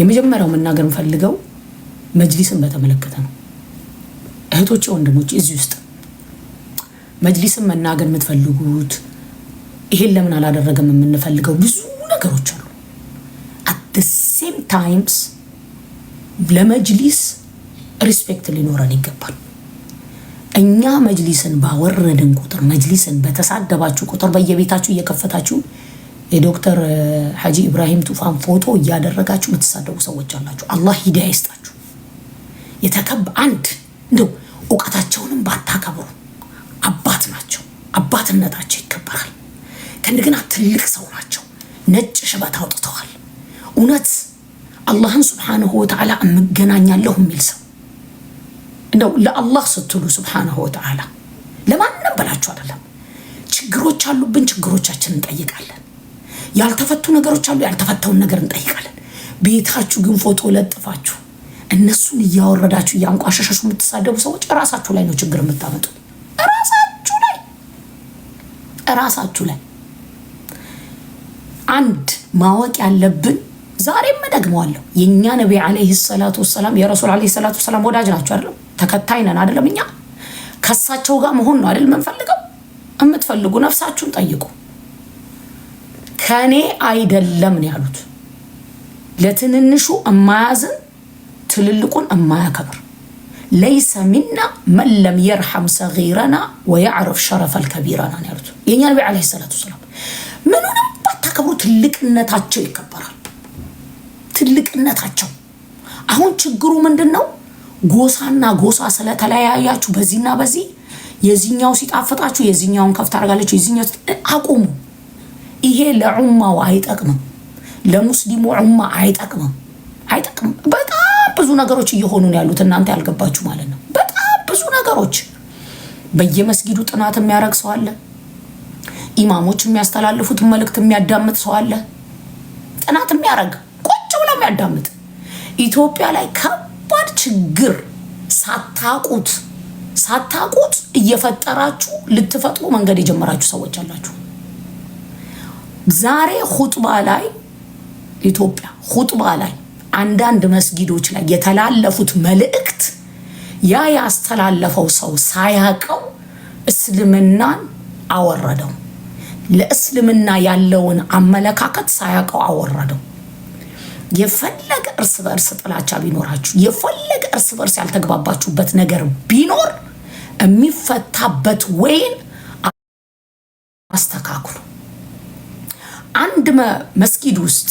የመጀመሪያው መናገር የምፈልገው መጅሊስን በተመለከተ ነው። እህቶች፣ ወንድሞች እዚህ ውስጥ መጅሊስን መናገር የምትፈልጉት ይሄን ለምን አላደረገም የምንፈልገው ብዙ ነገሮች አሉ። አት ሴም ታይምስ ለመጅሊስ ሪስፔክት ሊኖረን ይገባል። እኛ መጅሊስን ባወረድን ቁጥር፣ መጅሊስን በተሳደባችሁ ቁጥር በየቤታችሁ እየከፈታችሁ የዶክተር ሐጂ ኢብራሂም ቱፋን ፎቶ እያደረጋችሁ የምትሳደቡ ሰዎች አላችሁ። አላህ ሂዳያ ይስጣችሁ። የተከብ አንድ እንደው እውቀታቸውንም ባታከብሩ አባት ናቸው። አባትነታቸው ይከበራል። ከእንደገና ትልቅ ሰው ናቸው። ነጭ ሽበት አውጥተዋል። እውነት አላህን ስብሓንሁ ወተዓላ እምገናኛለሁ የሚል ሰው እንደው ለአላህ ስትሉ ስብሓንሁ ወተዓላ ለማንም በላችሁ አይደለም። ችግሮች አሉብን፣ ችግሮቻችን እንጠይቃለን። ያልተፈቱ ነገሮች አሉ። ያልተፈታውን ነገር እንጠይቃለን። ቤታችሁ ግን ፎቶ ለጥፋችሁ እነሱን እያወረዳችሁ እያንቋሸሸሹ የምትሳደቡ ሰዎች እራሳችሁ ላይ ነው ችግር የምታመጡ። እራሳችሁ ላይ እራሳችሁ ላይ አንድ ማወቅ ያለብን ዛሬም እደግመዋለሁ። የእኛ ነቢ ዓለይሂ ሰላቱ ወሰላም የረሱል ዓለይሂ ሰላቱ ወሰላም ወዳጅ ናቸው አይደለም? ተከታይ ነን አይደለም? እኛ ከሳቸው ጋር መሆን ነው አይደል የምንፈልገው? የምትፈልጉ ነፍሳችሁን ጠይቁ። ከኔ አይደለም ነው ያሉት። ለትንንሹ እማያዝን ትልልቁን እማያከብር ለይሰ ሚና መን ለም የርሐም ሰጊረና ወየዕርፍ ሸረፈል ከቢረና ነው ያሉት። የእኛ ነቢ ዓለይሂ ሰላቱ ወሰላም ምኑንም ባታከብሩ ትልቅነታቸው ይከበራል። ትልቅነታቸው አሁን ችግሩ ምንድን ነው? ጎሳና ጎሳ ስለተለያያችሁ በዚህና በዚህ የዚኛው ሲጣፍጣችሁ የዚኛውን ከፍት አድርጋለች የዚኛው አቁሙ። ይሄ ለዑማው አይጠቅምም፣ ለሙስሊሙ ዑማ አይጠቅምም፣ አይጠቅምም። በጣም ብዙ ነገሮች እየሆኑ ነው ያሉት፣ እናንተ ያልገባችሁ ማለት ነው። በጣም ብዙ ነገሮች በየመስጊዱ ጥናት የሚያደርግ ሰው አለ። ኢማሞች የሚያስተላልፉትን መልእክት የሚያዳምጥ ሰው አለ። ጥናት የሚያረግ ቁጭ ብሎ የሚያዳምጥ ኢትዮጵያ ላይ ከባድ ችግር ሳታቁት ሳታቁት እየፈጠራችሁ ልትፈጥሩ መንገድ የጀመራችሁ ሰዎች አላችሁ። ዛሬ ሁጥባ ላይ ኢትዮጵያ ሁጥባ ላይ አንዳንድ መስጊዶች ላይ የተላለፉት መልእክት ያ ያስተላለፈው ሰው ሳያቀው እስልምናን አወረደው። ለእስልምና ያለውን አመለካከት ሳያቀው አወረደው። የፈለገ እርስ በእርስ ጥላቻ ቢኖራችሁ፣ የፈለገ እርስ በእርስ ያልተግባባችሁበት ነገር ቢኖር የሚፈታበት ወይን መስጊድ ውስጥ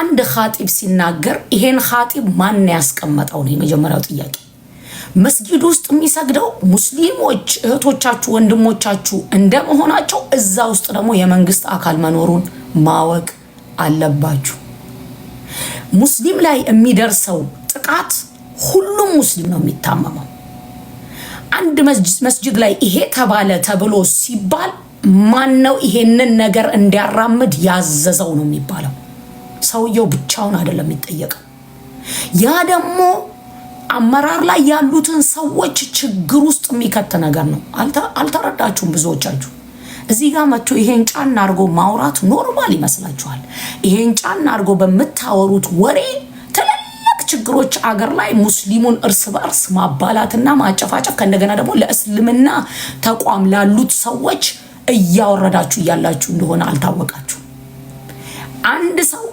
አንድ ኻጢብ ሲናገር ይሄን ኻጢብ ማን ያስቀመጠው ነው የመጀመሪያው ጥያቄ። መስጊድ ውስጥ የሚሰግደው ሙስሊሞች እህቶቻችሁ ወንድሞቻችሁ እንደመሆናቸው እዛ ውስጥ ደግሞ የመንግስት አካል መኖሩን ማወቅ አለባችሁ። ሙስሊም ላይ የሚደርሰው ጥቃት ሁሉም ሙስሊም ነው የሚታመመው። አንድ መስጅድ ላይ ይሄ ተባለ ተብሎ ሲባል ማን ነው ይሄንን ነገር እንዲያራምድ ያዘዘው ነው የሚባለው። ሰውየው ብቻውን አይደለም የሚጠየቀው። ያ ደግሞ አመራር ላይ ያሉትን ሰዎች ችግር ውስጥ የሚከት ነገር ነው። አልተረዳችሁም ብዙዎቻችሁ። እዚህ ጋር መጥቶ ይሄን ጫና አድርጎ ማውራት ኖርማል ይመስላችኋል። ይሄን ጫና አድርጎ በምታወሩት ወሬ ትልልቅ ችግሮች አገር ላይ ሙስሊሙን እርስ በእርስ ማባላትና ማጨፋጨፍ ከእንደገና ደግሞ ለእስልምና ተቋም ላሉት ሰዎች እያወረዳችሁ እያላችሁ እንደሆነ አልታወቃችሁ። አንድ ሰው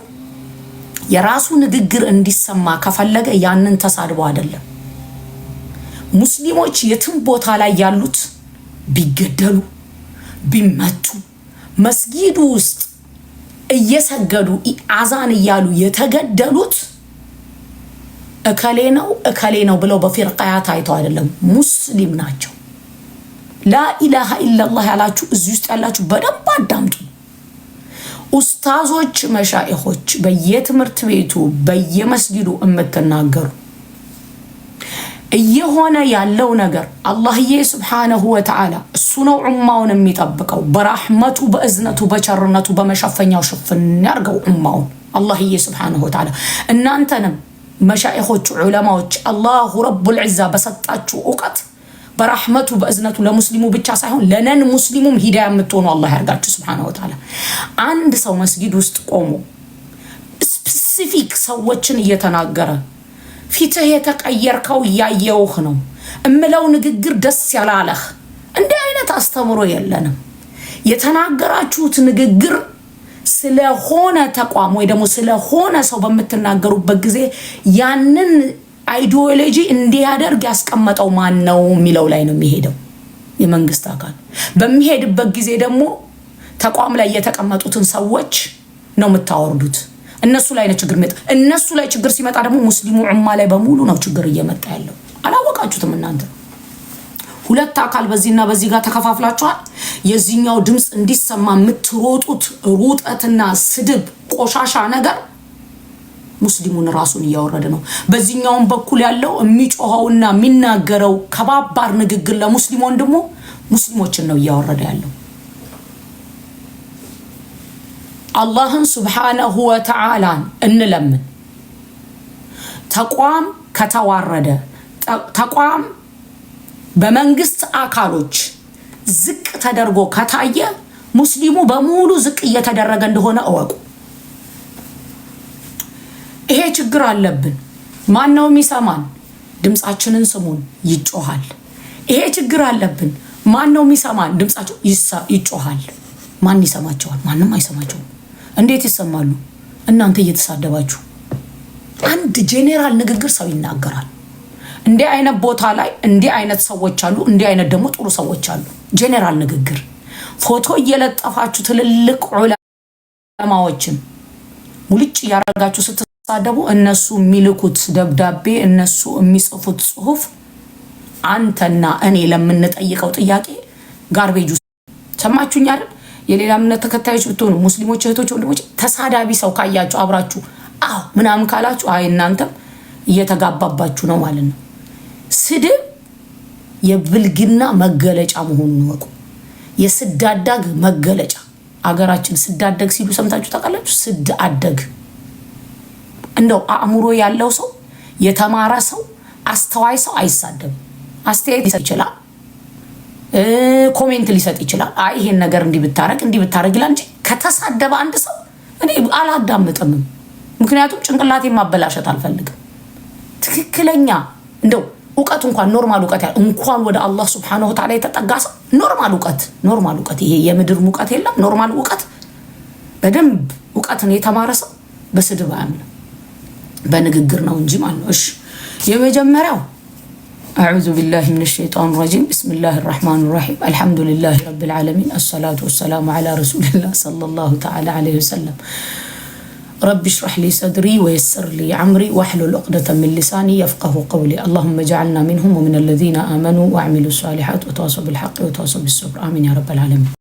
የራሱ ንግግር እንዲሰማ ከፈለገ ያንን ተሳድቦ አይደለም። ሙስሊሞች የትም ቦታ ላይ ያሉት ቢገደሉ ቢመቱ መስጊድ ውስጥ እየሰገዱ አዛን እያሉ የተገደሉት እከሌ ነው እከሌ ነው ብለው በፊርቃያ ታይተው አይደለም፣ ሙስሊም ናቸው። ላኢላሃ ኢላላህ ያላችሁ እዚህ ውስጥ ያላችሁ በደንብ አዳምጡ። ኡስታዞች፣ መሻኢኾች በየትምህርት ቤቱ በየመስጊዱ የምትናገሩ እየሆነ ያለው ነገር አላህዬ ስብሓነሁ ወተዓላ እሱ ነው ዑማውን የሚጠብቀው በራሕመቱ በእዝነቱ በቸርነቱ በመሸፈኛው ሽፍን ያርገው ዑማውን አላህዬ ስብሓነሁ ወተዓላ እናንተንም መሻኢኾቹ ዑለማዎች አላሁ ረቡል ዒዛ በሰጣችሁ እውቀት በራህመቱ በእዝነቱ ለሙስሊሙ ብቻ ሳይሆን ለነን ሙስሊሙም ሂዳያ የምትሆኑ አላህ ያርጋችሁ። ስብሓነ ወተዓላ አንድ ሰው መስጊድ ውስጥ ቆሞ ስፔሲፊክ ሰዎችን እየተናገረ ፊትህ የተቀየርከው እያየውህ ነው እምለው ንግግር ደስ ያላለህ እንዲህ አይነት አስተምሮ የለንም። የተናገራችሁት ንግግር ስለሆነ ተቋም ወይ ደግሞ ስለሆነ ሰው በምትናገሩበት ጊዜ ያንን አይዲዮሎጂ እንዲያደርግ ያስቀመጠው ማን ነው የሚለው ላይ ነው የሚሄደው የመንግስት አካል በሚሄድበት ጊዜ ደግሞ ተቋም ላይ የተቀመጡትን ሰዎች ነው የምታወርዱት። እነሱ ላይ ነው ችግር የሚመጣ። እነሱ ላይ ችግር ሲመጣ ደግሞ ሙስሊሙ ዑማ ላይ በሙሉ ነው ችግር እየመጣ ያለው። አላወቃችሁትም እናንተ። ሁለት አካል በዚህና በዚህ ጋር ተከፋፍላችኋል። የዚህኛው ድምፅ እንዲሰማ የምትሮጡት ሩጠትና ስድብ፣ ቆሻሻ ነገር ሙስሊሙን ራሱን እያወረደ ነው። በዚህኛውም በኩል ያለው የሚጮኸውና የሚናገረው ከባባር ንግግር ለሙስሊም ወንድሞ ሙስሊሞችን ነው እያወረደ ያለው። አላህን ሱብሓነሁ ወተዓላን እንለምን። ተቋም ከተዋረደ ተቋም በመንግስት አካሎች ዝቅ ተደርጎ ከታየ ሙስሊሙ በሙሉ ዝቅ እየተደረገ እንደሆነ እወቁ። ይሄ ችግር አለብን። ማን ነው የሚሰማን? ድምፃችንን ስሙን ይጮሃል። ይሄ ችግር አለብን። ማን ነው የሚሰማን? ድምፃቸው ይጮሃል። ማን ይሰማቸዋል? ማንም አይሰማቸውም። እንዴት ይሰማሉ? እናንተ እየተሳደባችሁ አንድ ጄኔራል ንግግር ሰው ይናገራል። እንዲህ አይነት ቦታ ላይ እንዲህ አይነት ሰዎች አሉ፣ እንዲህ አይነት ደግሞ ጥሩ ሰዎች አሉ። ጄኔራል ንግግር ፎቶ እየለጠፋችሁ ትልልቅ ዑለማዎችን ሙልጭ እያረጋችሁ ሳደቡ እነሱ የሚልኩት ደብዳቤ እነሱ የሚጽፉት ጽሁፍ አንተና እኔ ለምንጠይቀው ጥያቄ ጋርቤጅ ውስጥ ሰማችሁኝ አይደል? የሌላ እምነት ተከታዮች ብትሆኑ ሙስሊሞች እህቶች፣ ወንድሞች ተሳዳቢ ሰው ካያችሁ አብራችሁ አዎ ምናምን ካላችሁ አይ እናንተም እየተጋባባችሁ ነው ማለት ነው። ስድብ የብልግና መገለጫ መሆኑን ወቁ። የስዳዳግ መገለጫ አገራችን ስዳደግ ሲሉ ሰምታችሁ ታውቃላችሁ። ስድ አደግ እንደው አእምሮ ያለው ሰው የተማረ ሰው አስተዋይ ሰው አይሳደብም። አስተያየት ሊሰጥ ይችላል፣ ኮሜንት ሊሰጥ ይችላል። አይ ይሄን ነገር እንዲህ ብታረግ እንዲህ ብታረግ ይላል እንጂ ከተሳደበ አንድ ሰው እኔ አላዳምጥምም። ምክንያቱም ጭንቅላቴ ማበላሸት አልፈልግም። ትክክለኛ እንደው እውቀት እንኳን ኖርማል እውቀት ያለ እንኳን ወደ አላህ ስብሐነሁ ወተዓላ የተጠጋ ሰው ኖርማል እውቀት ኖርማል እውቀት ይሄ የምድር ሙቀት የለም ኖርማል እውቀት በደንብ እውቀትን የተማረ ሰው በስድብ አያምንም። بنجر نونجي مالوش يوم جمرة أعوذ بالله من الشيطان الرجيم بسم الله الرحمن الرحيم الحمد لله رب العالمين الصلاة والسلام على رسول الله صلى الله تعالى عليه وسلم رب اشرح لي صدري ويسر لي عمري واحلل عقدة من لساني يفقه قولي اللهم اجعلنا منهم ومن الذين آمنوا وعملوا الصالحات وتواصوا بالحق وتواصوا بالصبر آمين يا رب العالمين